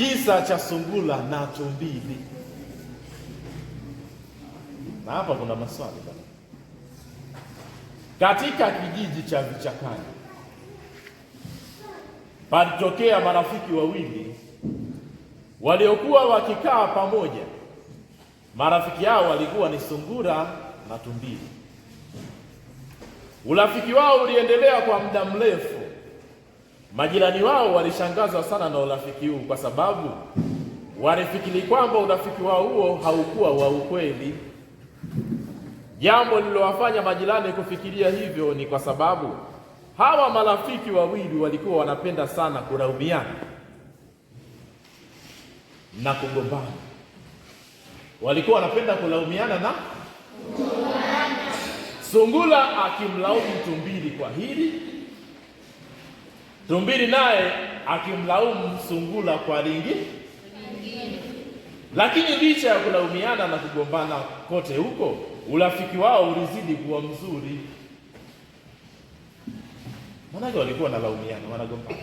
kisa cha sungura na tumbili. Na hapa kuna maswali bana. Katika kijiji cha vichakani palitokea marafiki wawili waliokuwa wakikaa pamoja. Marafiki hao walikuwa ni sungura na tumbili. Urafiki wao uliendelea kwa muda mrefu. Majirani wao walishangazwa sana na urafiki huu kwa sababu walifikiri kwamba urafiki wao huo haukuwa wa ukweli. Jambo lililowafanya majirani kufikiria hivyo ni kwa sababu hawa marafiki wawili walikuwa wanapenda sana kulaumiana na kugombana. Walikuwa wanapenda kulaumiana na sungula akimlaumu tumbili kwa hili Tumbili naye akimlaumu sungula kwa ringi Lakini licha ya kulaumiana na kugombana kote huko, urafiki wao ulizidi kuwa mzuri. Maanake walikuwa wanalaumiana, wanagombana,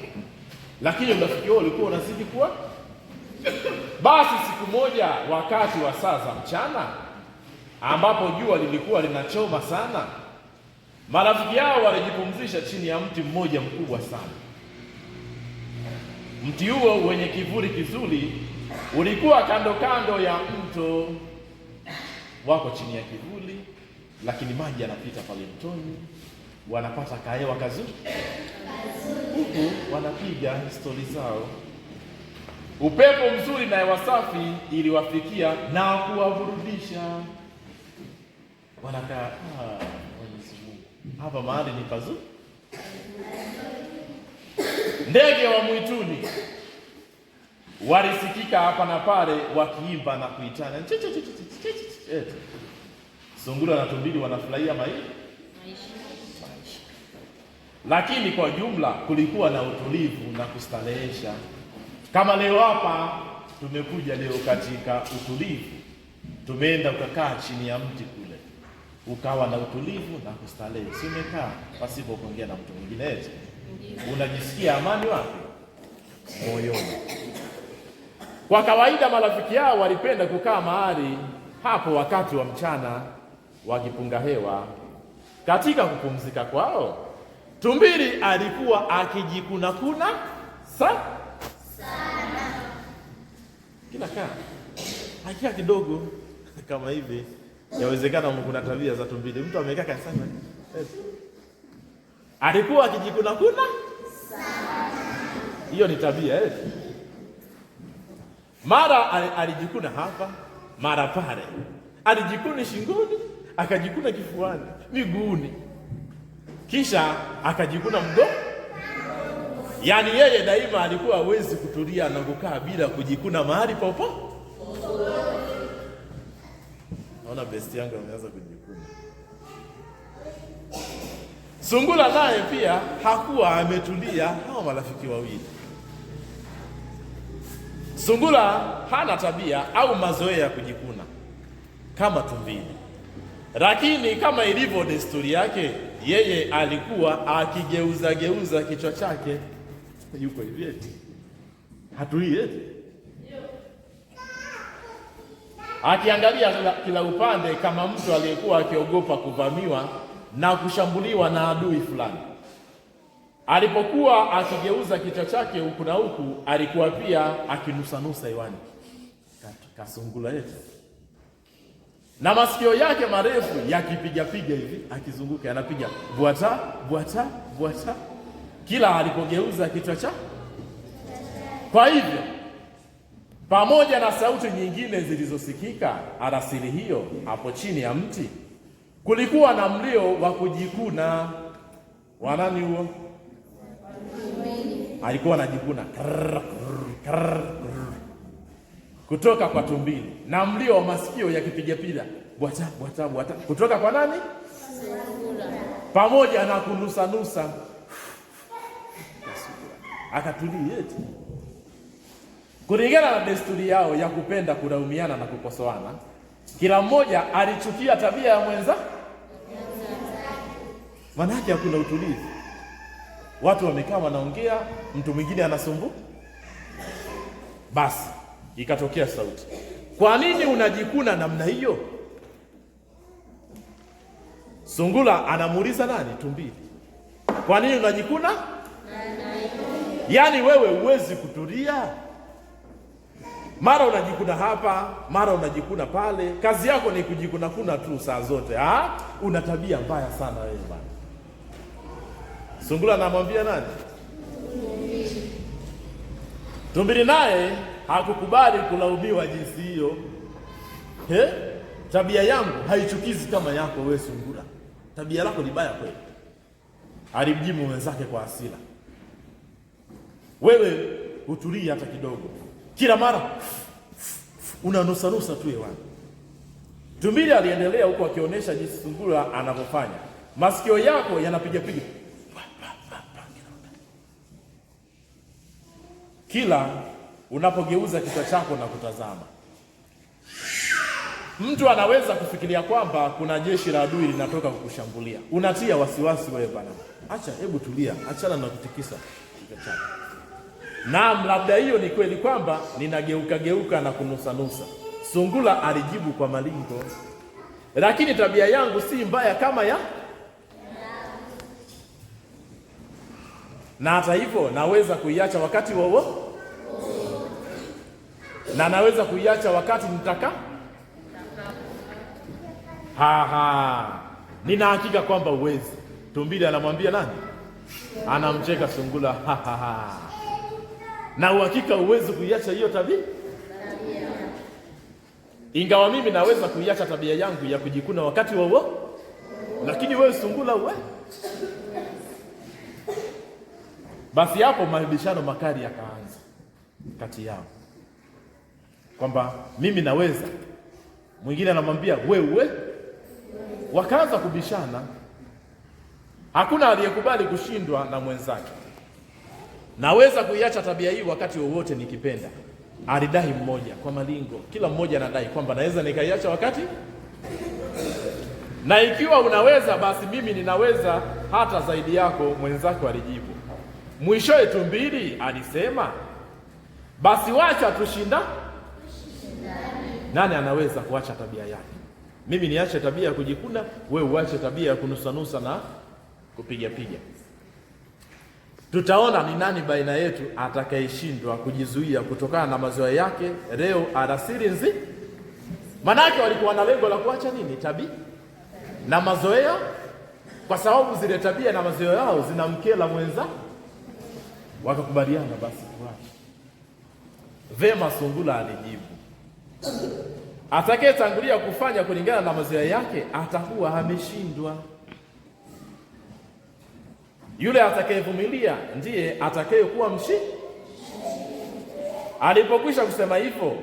lakini urafiki wao ulikuwa unazidi kuwa basi. Siku moja wakati wa saa za mchana, ambapo jua lilikuwa linachoma sana, marafiki yao walijipumzisha chini ya mti mmoja mkubwa sana. Mti huo wenye kivuli kizuri ulikuwa kando kando ya mto, wako chini ya kivuli, lakini maji yanapita pale mtoni, wanapata kahewa kazuri, huku wanapiga stori zao. Upepo mzuri na hewa safi iliwafikia na kuwaburudisha. Wanakaa ah, Mwenyezi Mungu, hapa mahali ni pazuri. Ndege wa mwituni walisikika hapa na pale wakiimba na kuitana sungura na tumbili wanafurahia maisha, lakini kwa jumla kulikuwa na utulivu na kustarehesha. Kama leo hapa tumekuja leo katika utulivu, tumeenda ukakaa chini ya mti kule, ukawa na utulivu na kustarehe, umekaa pasipo kuongea na mtu mwingine yetu unajisikia amani wapi? Moyoni. Kwa kawaida marafiki yao walipenda kukaa mahali hapo wakati wa mchana wakipunga hewa. Katika kupumzika kwao, tumbili alikuwa akijikunakuna sa sana kila kaa akikaa kidogo kama hivi. Yawezekana kuna tabia za tumbili, mtu amekaa kasana alikuwa akijikuna kuna hiyo ni tabia eh. Mara alijikuna hapa, mara pale, alijikuna shingoni, akajikuna kifuani, miguuni, kisha akajikuna mdomo. Yaani yeye daima alikuwa hawezi kutulia na kukaa bila kujikuna mahali popo. Naona besti yangu ameanza kuji Sungura naye pia hakuwa ametulia. Hawa marafiki wawili, sungura hana tabia au mazoea ya kujikuna kama tumbili, lakini kama ilivyo desturi yake, yeye alikuwa akigeuza geuza kichwa chake, yuko hivi eti hatui eti akiangalia kila upande, kama mtu aliyekuwa akiogopa kuvamiwa na kushambuliwa na adui fulani. Alipokuwa akigeuza kichwa chake huku na huku, alikuwa pia akinusanusa hewani sungula yetu na masikio yake marefu yakipigapiga hivi, akizunguka anapiga bwata bwata bwata kila alipogeuza kichwa cha. Kwa hivyo pamoja na sauti nyingine zilizosikika alasiri hiyo hapo chini ya mti kulikuwa na mlio wa kujikuna. Wanani huo? Alikuwa anajikuna kutoka kwa tumbili, na mlio wa masikio yakipigapiga bwata bwata bwata kutoka kwa nani, pamoja na kunusanusa. Akatulia kulingana na desturi yao ya kupenda kulaumiana na kukosoana, kila mmoja alichukia tabia ya mwenza yake hakuna utulivu, watu wamekaa wanaongea, mtu mwingine anasumbu. Basi ikatokea sauti, kwa nini unajikuna namna hiyo? Sungula anamuuliza nani? Tumbili, kwa nini unajikuna? Yaani wewe huwezi kutulia, mara unajikuna hapa, mara unajikuna pale. Kazi yako ni kujikuna kuna tu saa zote. Ah, una tabia mbaya sana wewe bwana. Sungura anamwambia nani? Tumbili naye hakukubali kulaumiwa jinsi hiyo. He? Tabia yangu haichukizi kama yako we sungura, tabia lako ni baya kweli. Alimjibu mwenzake kwa hasira, wewe hutulii hata kidogo, kila mara unanusanusa tu hewani. Tumbili aliendelea huku akionyesha jinsi sungura anavyofanya, masikio yako yanapigapiga kila unapogeuza kichwa chako na kutazama. Mtu anaweza kufikiria kwamba kuna jeshi la adui linatoka kukushambulia, unatia wasiwasi wewe bana. Acha, hebu tulia, achana na kutikisa kichwa chako. Naam, labda hiyo ni kweli kwamba ninageuka geuka na kunusanusa. Sungula alijibu kwa malingo, lakini tabia yangu si mbaya kama ya na hata hivyo naweza kuiacha wakati wowo na naweza kuiacha wakati nitaka. ha. nina hakika kwamba uwezi. Tumbili anamwambia nani? Anamcheka sungula. ha. na uhakika uwezi kuiacha hiyo tabia, ingawa mimi naweza kuiacha tabia yangu ya kujikuna wakati wowo lakini wewe sungula, uwe basi hapo mabishano makali yakaanza kati yao kwamba mimi naweza, mwingine anamwambia wewe. Wakaanza kubishana, hakuna aliyekubali kushindwa na mwenzake. Naweza kuiacha tabia hii wakati wowote nikipenda, alidai mmoja kwa malingo. Kila mmoja anadai kwamba naweza nikaiacha wakati, na ikiwa unaweza basi mimi ninaweza hata zaidi yako, mwenzake alijibu mwishowe tumbili alisema, basi wacha tushinda. Nani anaweza kuacha tabia yake? Mimi niache tabia ya kujikuna, we uache tabia ya kunusanusa na kupigapiga. Tutaona ni nani baina yetu atakayeshindwa kujizuia kutokana na mazoea yake leo alasiri nzi. Manake walikuwa na lengo la kuacha nini? Tabia na mazoea, kwa sababu zile tabia na mazoea yao zinamkela mwenza wakakubaliana basi tuache. Vema, sungula alijibu, atakayetangulia kufanya kulingana na mazoea yake atakuwa ameshindwa. Yule atakayevumilia ndiye atakayekuwa mshindi. Alipokwisha kusema hivyo,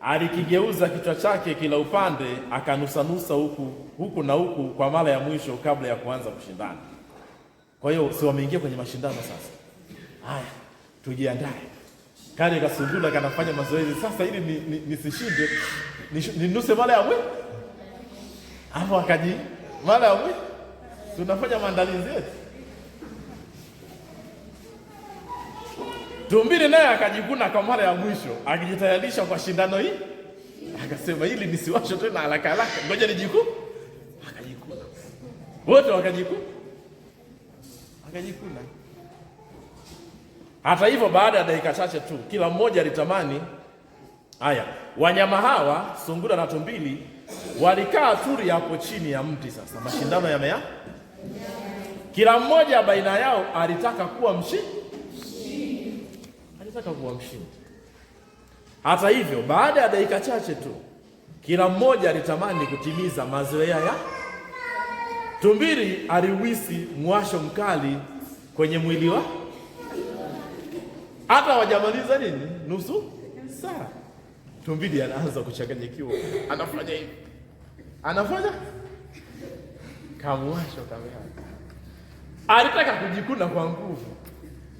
alikigeuza kichwa chake kila upande, akanusanusa huku huku na huku kwa mara ya mwisho kabla ya kuanza kushindana. Kwa hiyo si wameingia kwenye mashindano sasa Haya, tujiandae. Kale kasungula kanafanya mazoezi sasa, ili nisishinde ni, ni ninuse mara ya mwe hapo, akaji mara ya mwe, tunafanya maandalizi yetu. Tumbili naye akajikuna kwa mara ya mwisho akijitayarisha kwa shindano hii, akasema ili nisiwasho tena haraka haraka, ngoja nijiku, akajikuna wote, wakajikuna akajikuna hata hivyo, baada ya dakika chache tu kila mmoja alitamani haya. Wanyama hawa sungura na tumbili walikaa turi hapo chini ya mti. Sasa mashindano yamea, kila mmoja baina yao alitaka kuwa mshindi, alitaka kuwa mshindi. Hata hivyo, baada ya dakika chache tu kila mmoja alitamani kutimiza mazoea ya tumbili. Aliwisi mwasho mkali kwenye mwili wake hata wajamaliza nini nusu saa, tumbili anaanza kuchanganyikiwa, anafanya hivi, anafanya kamuwasho kamera, alitaka kujikuna kwa nguvu.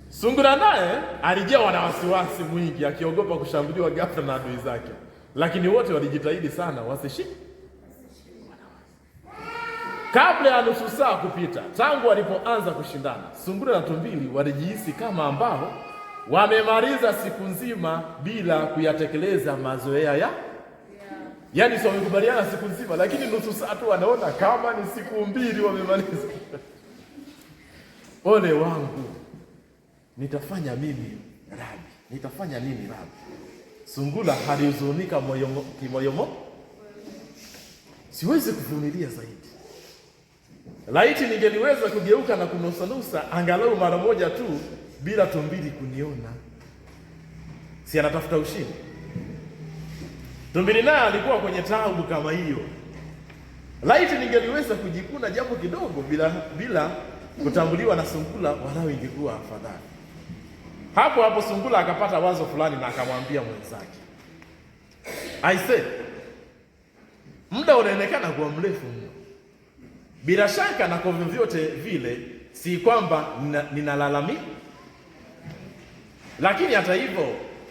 Sungura naye alijawa na wasiwasi mwingi, akiogopa kushambuliwa ghafla na adui zake, lakini wote walijitahidi sana wasishike. Kabla ya nusu saa kupita tangu walipoanza kushindana, sungura na tumbili walijihisi kama ambao wamemaliza siku nzima bila kuyatekeleza mazoea ya yaani si wamekubaliana siku nzima, lakini nusu saa tu wanaona kama ni siku mbili wamemaliza. Ole wangu, nitafanya mimi Rabi, nitafanya nini Rabi? Sungula halihuzunika kimoyomo, siwezi kuvumilia zaidi. Laiti ningeliweza kugeuka na kunusanusa angalau mara moja tu bila tumbili kuniona, si anatafuta ushindi. Tumbili naye alikuwa kwenye taabu kama hiyo. Laiti ningeliweza kujikuna jambo kidogo bila bila kutambuliwa na sungula, walau ingekuwa afadhali. Hapo hapo sungula akapata wazo fulani na akamwambia mwenzake, aise, muda unaonekana kuwa mrefu mno, bila shaka na kwa vyovyote vile si kwamba ninalalamika lakini hata hivyo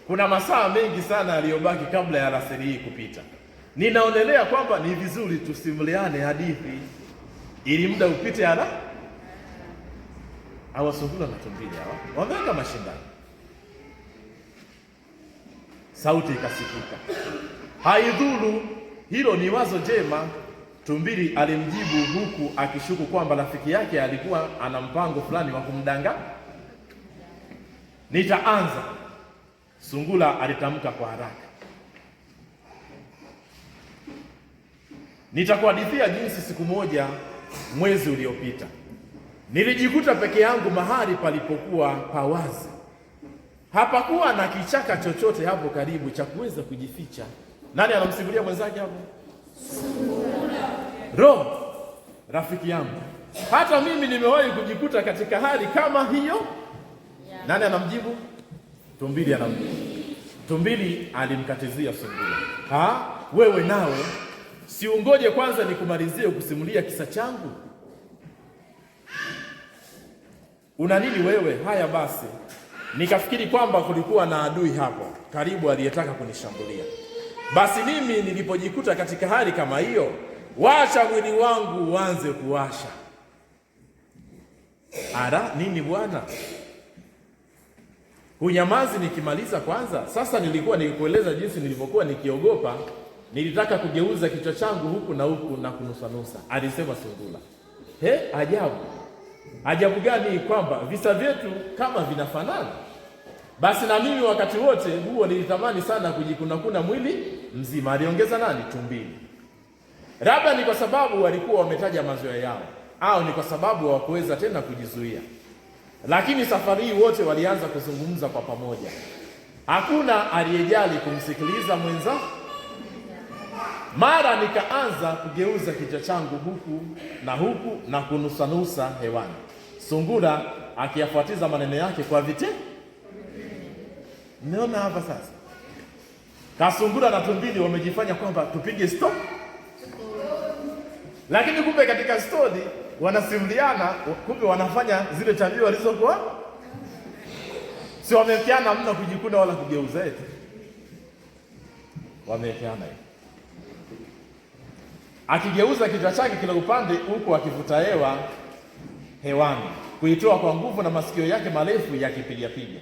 kuna masaa mengi sana yaliyobaki kabla ya alasiri hii kupita. Ninaonelea kwamba ni vizuri tusimuliane hadithi ili muda upite. Ala, awasungula matumbili hawa wameweka mashindano. Sauti ikasikika, haidhuru hilo ni wazo jema. Tumbili alimjibu huku akishuku kwamba rafiki yake alikuwa ana mpango fulani wa kumdanga nitaanza, Sungula alitamka kwa haraka. Nitakuhadithia jinsi siku moja mwezi uliopita nilijikuta peke yangu mahali palipokuwa pa wazi hapakuwa na kichaka chochote hapo karibu cha kuweza kujificha. Nani anamsimulia mwenzake hapo? Roho rafiki yangu, hata mimi nimewahi kujikuta katika hali kama hiyo. Nani anamjibu? Tumbili anamjibu. Tumbili alimkatizia sungura, ha, wewe nawe siungoje kwanza nikumalizie kusimulia kisa changu? Una nini wewe? Haya basi, nikafikiri kwamba kulikuwa na adui hapo karibu aliyetaka kunishambulia. Basi mimi nilipojikuta katika hali kama hiyo, wacha mwili wangu uanze kuwasha. Ara, nini bwana? Hunyamazi nikimaliza kwanza. Sasa nilikuwa nikikueleza jinsi nilivyokuwa nikiogopa, nilitaka kugeuza kichwa changu huku na huku na kunusanusa, alisema sungura. He, ajabu! Ajabu gani? Kwamba visa vyetu kama vinafanana. Basi na mimi wakati wote huo nilitamani sana kujikunakuna mwili mzima, aliongeza nani, tumbili. Labda ni kwa sababu walikuwa wametaja mazoea yao, au ni kwa sababu hawakuweza tena kujizuia. Lakini safari hii wote walianza kuzungumza kwa pamoja, hakuna aliyejali kumsikiliza mwenza. Mara nikaanza kugeuza kichwa changu huku na huku na kunusanusa hewani, sungura akiyafuatiza maneno yake kwa vite. Mmeona hapa sasa, kasungura na tumbili wamejifanya kwamba tupige stop, lakini kumbe katika stori wanasimuliana, kumbe wanafanya zile tabia walizokuwa si wamewekeana, mna kujikuna wala kugeuza, eti wamewekeana akigeuza kichwa chake kila upande huku akivuta hewa hewani kuitoa kwa nguvu na masikio yake marefu yakipigapiga.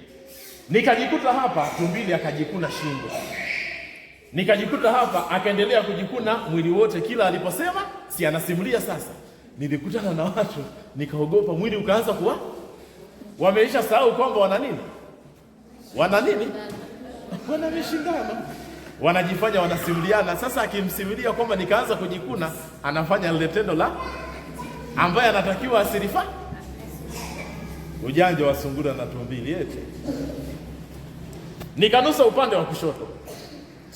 Nikajikuta hapa tumbili, akajikuna shingo, nikajikuta hapa, akaendelea kujikuna mwili wote kila aliposema, si anasimulia sasa nilikutana na watu nikaogopa, mwili ukaanza kuwa, wameisha sahau kwamba wana nini, wana nini, wana mishindano, wanajifanya wanasimuliana. Sasa akimsimulia kwamba nikaanza kujikuna, anafanya lile tendo la ambaye anatakiwa asilifa. Ujanja wa sungura na tumbili eti nikanusa upande wa kushoto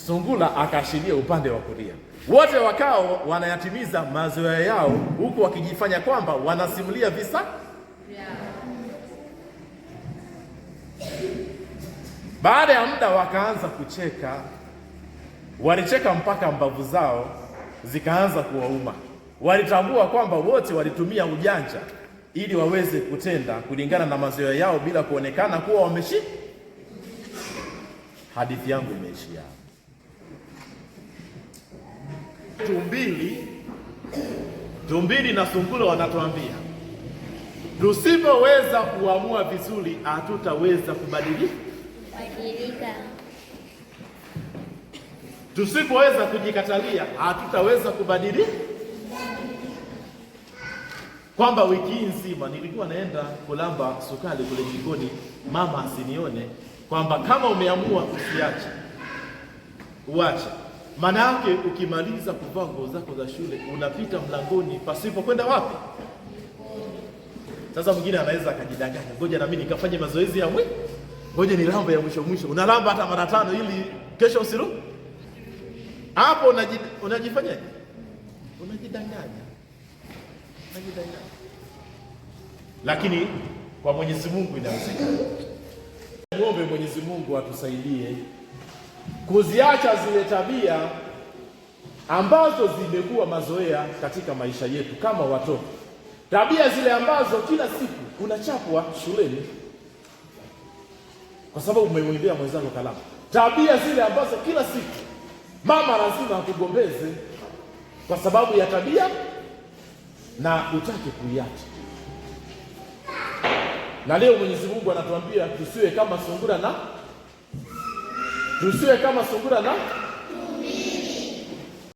sungula akaashiria upande wa kulia. Wote wakao wanayatimiza mazoea yao huku wakijifanya kwamba wanasimulia visa yeah. Baada ya muda wakaanza kucheka, walicheka mpaka mbavu zao zikaanza kuwauma. Walitambua kwamba wote walitumia ujanja ili waweze kutenda kulingana na mazoea yao bila kuonekana kuwa wameshi. Hadithi yangu imeishia tumbili, tumbili na sungura wanatuambia tusipoweza kuamua vizuri, hatutaweza kubadilika. Tusipoweza kujikatalia, hatutaweza kubadilika. Kwamba wiki hii nzima nilikuwa naenda kulamba sukari kule jikoni, mama asinione, kwamba kama umeamua usiache, uache maana yake ukimaliza kuvaa nguo zako za shule unapita mlangoni pasipo kwenda wapi? Sasa mwingine anaweza akajidanganya, ngoja nami nikafanye mazoezi ya mwili, ngoja ni lamba ya mwisho mwisho. Unalamba hata mara tano ili kesho usiru hapo, unajifanyaje? Unajidanganya, unajidanganya. Lakini kwa Mwenyezi Mungu inawezekana. Muombe Mwenyezi Mungu atusaidie kuziacha zile tabia ambazo zimekuwa mazoea katika maisha yetu kama watoto, tabia zile ambazo kila siku unachapwa shuleni kwa sababu umemwibia mwenzako kalamu, tabia zile ambazo kila siku mama lazima akugombeze kwa sababu ya tabia na utake kuiacha. Na leo Mwenyezi Mungu anatuambia tusiwe kama sungura na tusiwe kama sungura na